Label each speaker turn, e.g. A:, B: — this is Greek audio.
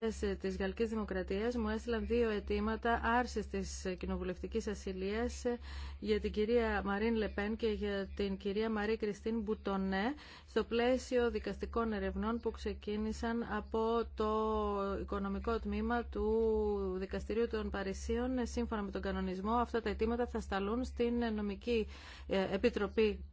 A: Ε, της Γαλλικής Δημοκρατίας μου έστειλαν δύο αιτήματα άρσης της κοινοβουλευτικής ασυλίας ε, για την κυρία Μαρίν Λεπέν και για την κυρία Μαρή Κριστίν Μπουτονέ στο πλαίσιο δικαστικών ερευνών που ξεκίνησαν από το οικονομικό τμήμα του Δικαστηρίου των Παρισίων ε, σύμφωνα με τον κανονισμό. Αυτά τα αιτήματα θα σταλούν στην Νομική Επιτροπή του